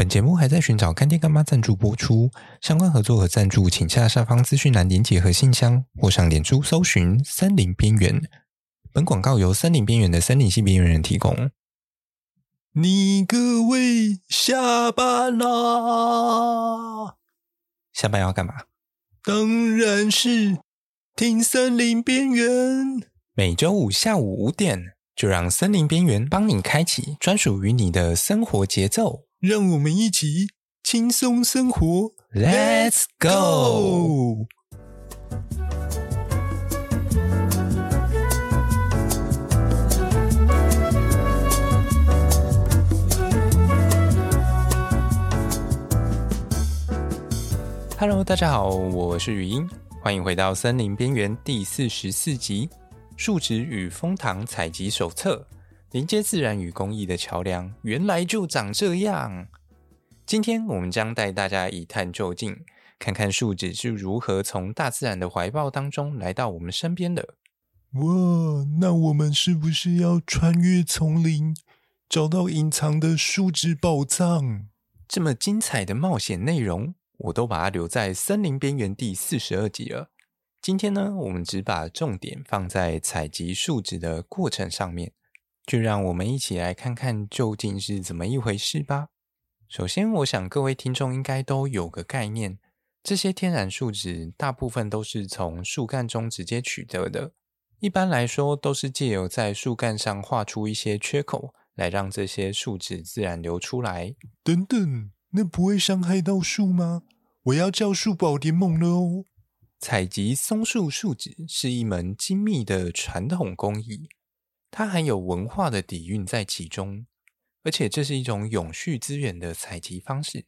本節目還在尋找乾爹乾媽贊助播出，相關合作和贊助，請下下方資訊欄連結和信箱，或上臉書搜尋“森林邊緣”。本廣告由“森林邊緣”的森林系邊緣人提供。你各位下班啦，下班要幹嘛？當然是聽《森林邊緣》。每周五下午五點，就讓《森林邊緣》幫你開啟專屬於你的生活節奏。讓我們一起輕鬆生活，Let's go！Hello，大家好，我是語音，歡迎回到《森林邊緣》第四十四集《樹脂與楓糖採集手冊》。連接自然與工藝的橋梁，原來就長這樣。今天我們將帶大家一探究竟，看看樹脂是如何從大自然的懷抱當中來到我們身邊的。哇，那我們是不是要穿越叢林，找到隱藏的樹脂寶藏？這麼精彩的冒險內容，我都把它留在森林邊緣第四十二集了。今天呢，我們只把重點放在採集樹脂的過程上面。就讓我們一起來看看究竟是怎麼一回事吧。首先，我想各位聽眾應該都有個概念，這些天然樹脂大部分都是從樹幹中直接取得的。一般來說，都是借由在樹幹上畫出一些缺口，來讓這些樹脂自然流出來。等等，那不會傷害到樹嗎？我要叫樹寶聯盟了哦。採集松樹樹脂是一門精密的傳統工藝。它含有文化的底蘊在其中，而且這是一種永續資源的採集方式。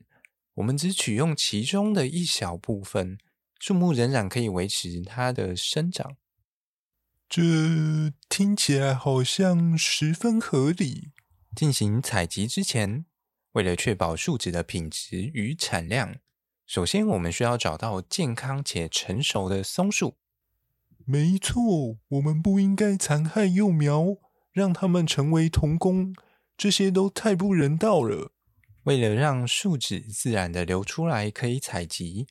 我們只取用其中的一小部分，樹木仍然可以維持它的生長。這聽起來好像十分合理。進行採集之前，為了確保樹脂的品質與產量，首先我們需要找到健康且成熟的松樹。沒錯，我們不應該殘害幼苗，讓他們成為童工，這些都太不人道了。為了讓樹脂自然的流出來可以採集，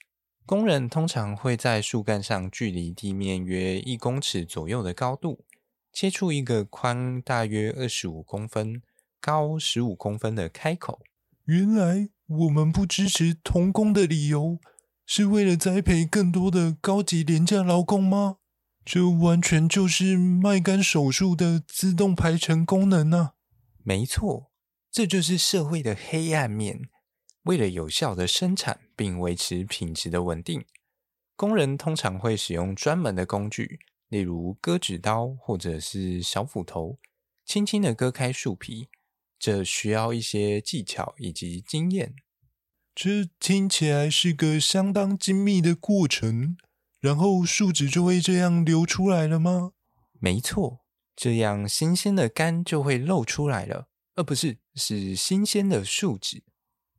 工人通常會在樹幹上距離地面約一公尺左右的高度切出一個寬大約二十五公分，高十五公分的開口。原來我們不支持童工的理由是為了栽培更多的高級廉價勞工嗎？這完全就是麥稈手術的自動排程功能呢，啊。沒錯，這就是社會的黑暗面。為了有效的生產並維持品質的穩定，工人通常會使用專門的工具，例如割脂刀或者是小斧頭，輕輕的割開樹皮。這需要一些技巧以及經驗。這聽起來是個相當精密的過程。然後樹脂就會這樣流出來了嗎？沒錯，這樣新鮮的肝就會露出來了。呃，不是，是新鮮的樹脂。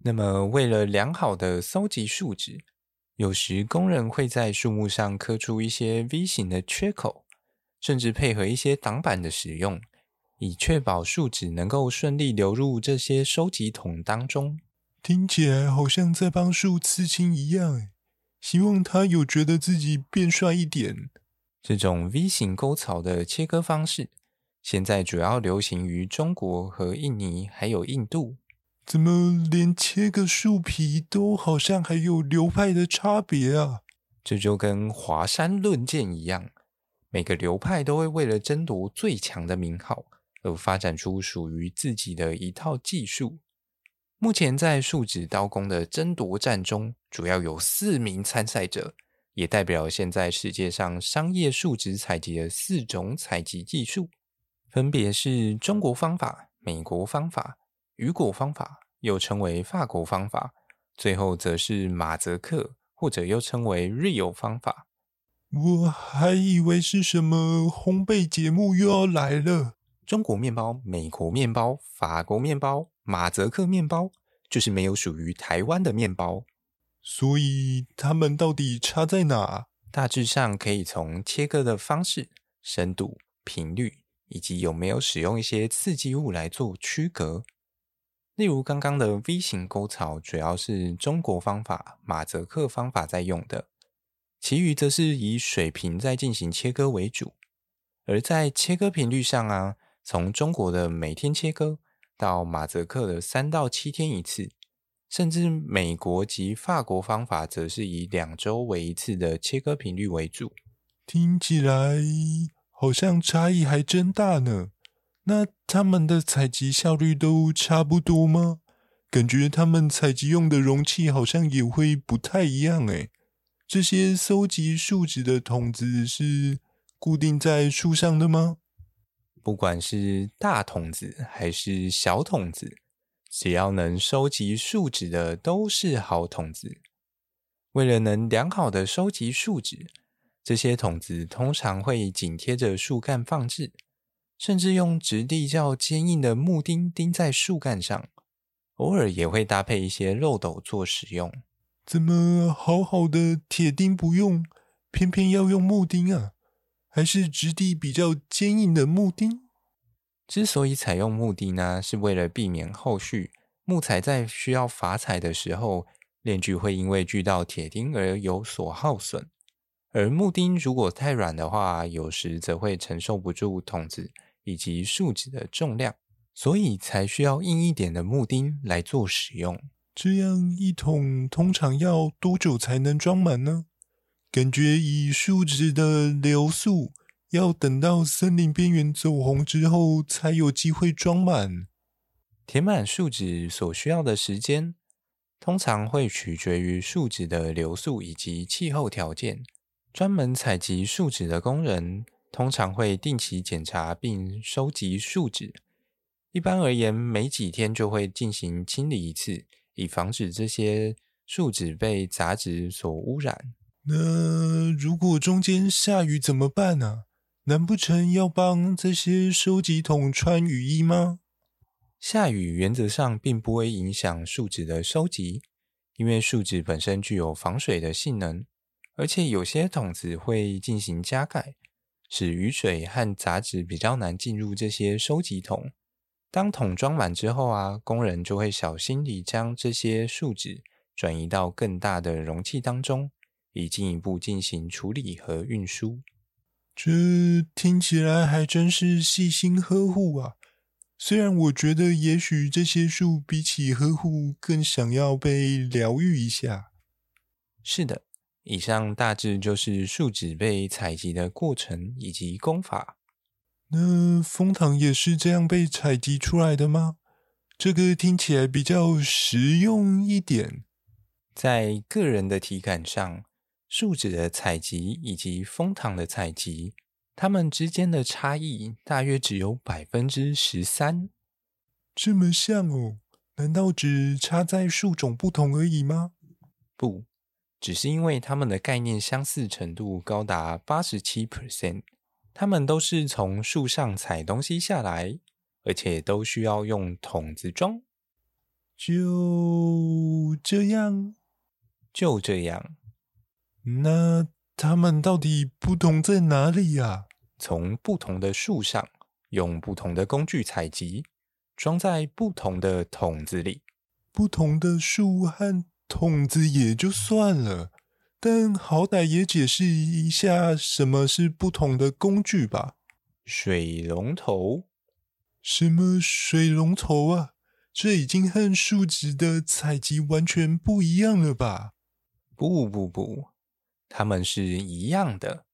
那麼，為了良好的收集樹脂，有時工人會在樹木上刻出一些 V 型的缺口，甚至配合一些擋板的使用，以確保樹脂能夠順利流入這些收集桶當中。聽起來好像在幫樹刺青一樣，哎。希望他有覺得自己變帥一點。這種 V 型溝槽的切割方式，現在主要流行於中國和印尼，還有印度。怎麼連切個樹皮都好像還有流派的差別啊？這就跟華山論劍一樣，每個流派都會為了爭奪最強的名號，而發展出屬於自己的一套技術。目前在樹脂刀工的爭奪戰中，主要有四名參賽者，也代表現在世界上商業樹脂採集的四種採集技術，分別是中國方法、美國方法、雨果方法（又稱為法國方法），最後則是馬澤克或者又稱為瑞友方法。我還以為是什麼烘焙節目又要來了，中國麵包、美國麵包、法國麵包。馬澤克麵包，就是沒有屬於台灣的麵包，所以它們到底差在哪？大致上可以從切割的方式、深度、頻率，以及有沒有使用一些刺激物來做區隔。例如剛剛的 V 型溝槽，主要是中國方法、馬澤克方法在用的，其餘則是以水平在進行切割為主。而在切割頻率上啊，從中國的每天切割。到馬澤克的三到七天一次，甚至美國及法國方法則是以兩週為一次的切割頻率為主。聽起來好像差異還真大呢。那他們的採集效率都差不多嗎？感覺他們採集用的容器好像也會不太一樣哎。這些收集樹脂的桶子是固定在樹上的嗎？不管是大桶子還是小桶子，只要能收集樹脂的都是好桶子。為了能良好的收集樹脂，這些桶子通常會緊貼着樹幹放置，甚至用質地較堅硬的木釘釘在樹幹上。偶爾也會搭配一些漏斗做使用。怎麼好好的鐵釘不用，偏偏要用木釘啊？還是質地比較堅硬的木釘。之所以採用木釘呢，是為了避免後續木材在需要伐採的時候，鏈鋸會因為鋸到鐵釘而有所耗損。而木釘如果太軟的話，有時則會承受不住桶子以及樹脂的重量，所以才需要硬一點的木釘來做使用。這樣一桶通常要多久才能裝滿呢？感覺以樹脂的流速，要等到森林邊緣走紅之後，才有機會裝滿。填滿樹脂所需要的時間，通常會取決於樹脂的流速以及氣候條件。專門採集樹脂的工人通常會定期檢查並收集樹脂。一般而言，每幾天就會進行清理一次，以防止這些樹脂被雜質所污染。那如果中間下雨怎麼辦呢、啊？難不成要幫這些收集桶穿雨衣嗎？下雨原則上並不會影響樹脂的收集，因為樹脂本身具有防水的性能，而且有些桶子會進行加蓋，使雨水和雜質比較難進入這些收集桶。當桶裝滿之後啊，工人就會小心地將這些樹脂轉移到更大的容器當中。以進一步進行處理和運輸。這聽起來還真是細心呵護啊！雖然我覺得，也許這些樹比起呵護更想要被療癒一下。是的，以上大致就是樹脂被採集的過程以及工法。那楓糖也是這樣被採集出來的嗎？這個聽起來比較實用一點。在個人的體感上。樹脂的採集以及楓糖的採集，它們之間的差異大約只有百分之十三。這麼像哦？難道只差在樹種不同而已嗎？不，只是因為它們的概念相似程度高達八十七 percent，它們都是從樹上採東西下來，而且都需要用桶子裝。就這樣，就這樣。那它們到底不同在哪裡呀？從不同的樹上用不同的工具採集，裝在不同的桶子裡。不同的樹和桶子也就算了，但好歹也解釋一下什麼是不同的工具吧。水龍頭？什麼水龍頭啊？這已經和樹脂的採集完全不一樣了吧？不不不。它們是一樣的，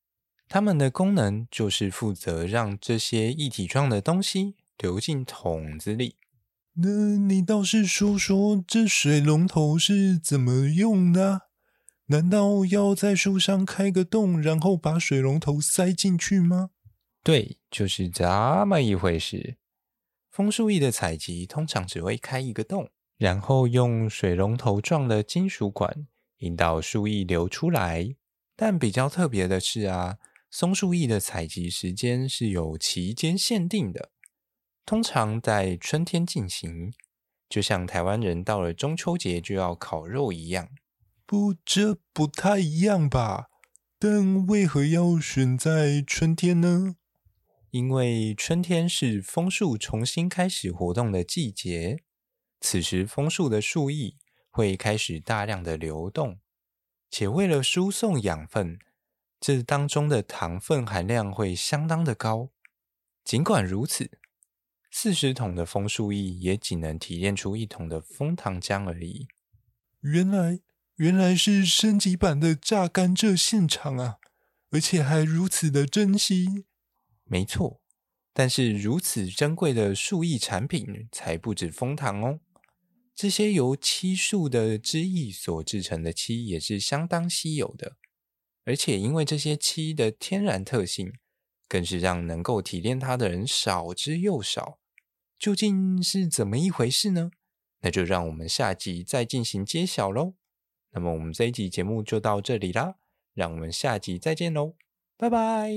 它們的功能就是負責讓這些液體狀的東西流進桶子裡。那你倒是說說，這水龍頭是怎麼用的？難道要在樹上開個洞，然後把水龍頭塞進去嗎？對，就是這麼一回事。楓樹液的採集通常只會開一個洞，然後用水龍頭狀的金屬管引導樹液流出來。但比較特別的是啊，松樹液的採集時間是有期間限定的，通常在春天進行，就像台灣人到了中秋節就要烤肉一樣。不，這不太一樣吧？但為何要選在春天呢？因為春天是楓樹重新開始活動的季節，此時楓樹的樹液會開始大量的流動。且為了輸送養分，這當中的糖分含量會相當的高。儘管如此，四十桶的楓樹液也僅能提煉出一桶的楓糖漿而已。原來，原來是升級版的榨甘蔗現場啊！而且還如此的珍稀。沒錯，但是如此珍貴的樹液產品，才不止楓糖哦。這些由漆樹的枝葉所製成的漆也是相當稀有的，而且因為這些漆的天然特性，更是讓能夠提煉它的人少之又少。究竟是怎麼一回事呢？那就讓我們下集再進行揭曉嘍。那麼我們這一集節目就到這裡啦，讓我們下集再見嘍，拜拜。